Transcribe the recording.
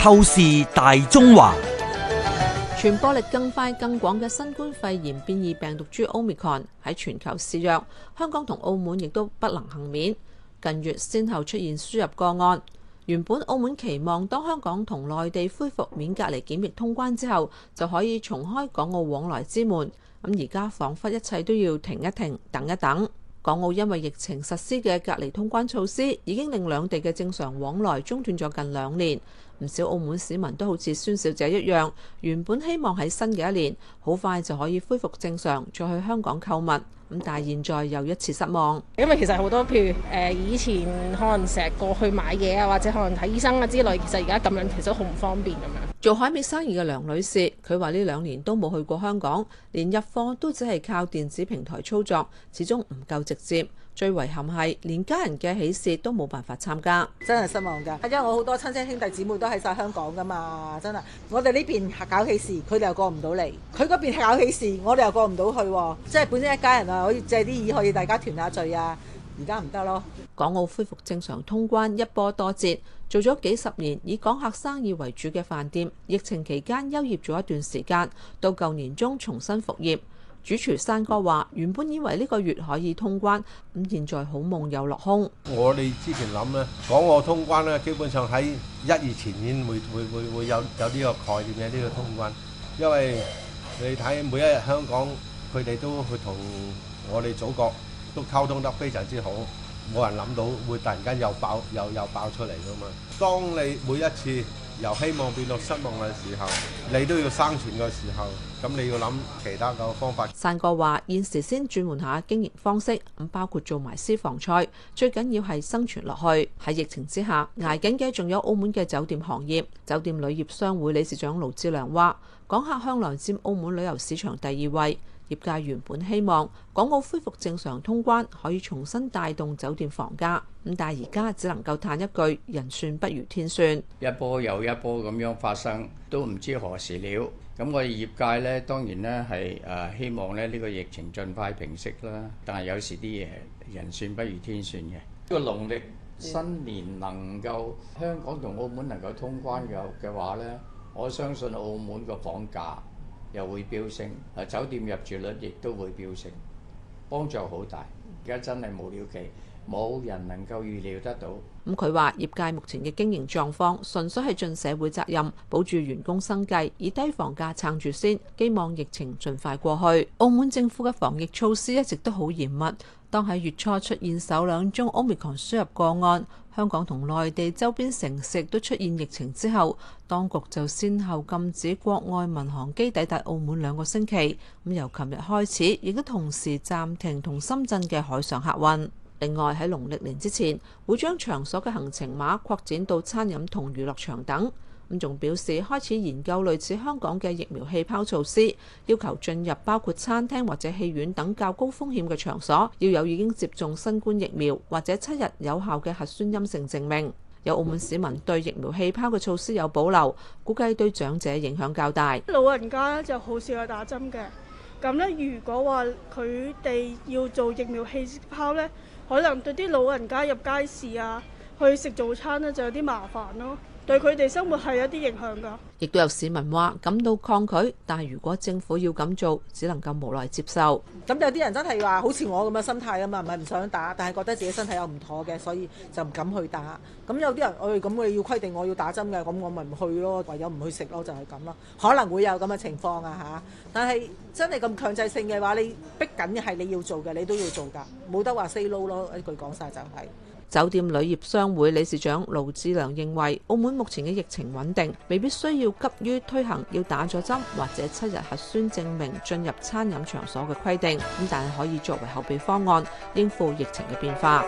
透視大中華。傳播力更快更廣嘅新冠肺炎變異病毒株 Omicron 喺全球肆虐，香港同澳門亦都不能幸免。近月先後出現輸入個案。原本澳門期望當香港同內地恢復免隔離檢疫通關之後，就可以重開港澳往來之門。咁而家仿佛一切都要停一停，等一等。港澳因為疫情實施嘅隔離通關措施，已經令兩地嘅正常往來中斷咗近兩年。唔少澳門市民都好似孫小姐一樣，原本希望喺新嘅一年好快就可以恢復正常，再去香港購物。咁但係現在又一次失望，因為其實好多譬如誒、呃、以前可能成日過去買嘢啊，或者可能睇醫生啊之類，其實而家咁樣其實好唔方便咁樣。做海味生意嘅梁女士，佢話呢兩年都冇去過香港，連入貨都只係靠電子平台操作，始終唔夠直接。最遺憾係連家人嘅喜事都冇辦法參加，真係失望㗎。因為我好多親戚兄弟姊妹都喺晒香港㗎嘛，真係。我哋呢邊搞喜事，佢哋又過唔到嚟；佢嗰邊搞喜事，我哋又過唔到去。即係本身一家人啊，可以借啲意可以大家團下聚啊，而家唔得咯。港澳恢復正常通關一波多折，做咗幾十年以港客生意為主嘅飯店，疫情期間休業咗一段時間，到舊年中重新復業。主廚山哥話：原本以為呢個月可以通關，咁現在好夢又落空。我哋之前諗咧，講我通關咧，基本上喺一二前已經會會會有有呢個概念嘅呢個通關，因為你睇每一日香港，佢哋都去同我哋祖國都溝通得非常之好，冇人諗到會突然間又爆又又爆出嚟噶嘛。當你每一次由希望變到失望嘅時候，你都要生存嘅時候，咁你要諗其他嘅方法。散哥話：現時先轉換下經營方式，咁包括做埋私房菜，最緊要係生存落去。喺疫情之下，挨緊嘅仲有澳門嘅酒店行業。酒店旅業商會理事長盧志良話：港客向來佔澳門旅遊市場第二位。業界原本希望港澳恢復正常通關，可以重新帶動酒店房價。咁但係而家只能夠嘆一句：人算不如天算。一波又一波咁樣發生，都唔知何時了。咁我哋業界呢，當然呢係誒希望咧呢個疫情盡快平息啦。但係有時啲嘢人算不如天算嘅。呢個農曆新年能夠香港同澳門能夠通關嘅嘅話呢，我相信澳門嘅房價。又會飆升，誒酒店入住率亦都會飆升，幫助好大。而家真係冇了期，冇人能夠預料得到。咁佢話業界目前嘅經營狀況，純粹係盡社會責任，保住員工生計，以低房價撐住先，希望疫情盡快過去。澳門政府嘅防疫措施一直都好嚴密。當喺月初出現首兩宗 Omicron 輸入個案，香港同內地周邊城市都出現疫情之後，當局就先後禁止國外民航機抵達澳門兩個星期。咁由琴日開始，亦都同時暫停同深圳嘅海上客運。另外喺農曆年之前，會將場所嘅行程碼擴展到餐飲同娛樂場等。咁仲表示開始研究類似香港嘅疫苗氣泡措施，要求進入包括餐廳或者戲院等較高風險嘅場所，要有已經接種新冠疫苗或者七日有效嘅核酸陰性證明。有澳門市民對疫苗氣泡嘅措施有保留，估計對長者影響較大。老人家就好少去打針嘅，咁咧如果話佢哋要做疫苗氣泡咧，可能對啲老人家入街市啊，去食早餐咧就有啲麻煩咯。對佢哋生活係有啲影響㗎，亦都有市民話感到抗拒，但係如果政府要咁做，只能夠無奈接受。咁有啲人真係話好似我咁嘅心態啊嘛，唔係唔想打，但係覺得自己身體有唔妥嘅，所以就唔敢去打。咁有啲人，哎，咁佢要規定我要打針㗎，咁我咪唔去咯，唯有唔去食咯，就係咁咯。可能會有咁嘅情況啊嚇，但係真係咁強制性嘅話，你逼緊係你要做嘅，你都要做㗎，冇得話 say no 咯，一句講晒就係。酒店旅業商會理事長盧志良認為，澳門目前嘅疫情穩定，未必需要急於推行要打咗針或者七日核酸證明進入餐飲場所嘅規定，咁但係可以作為後備方案，應付疫情嘅變化。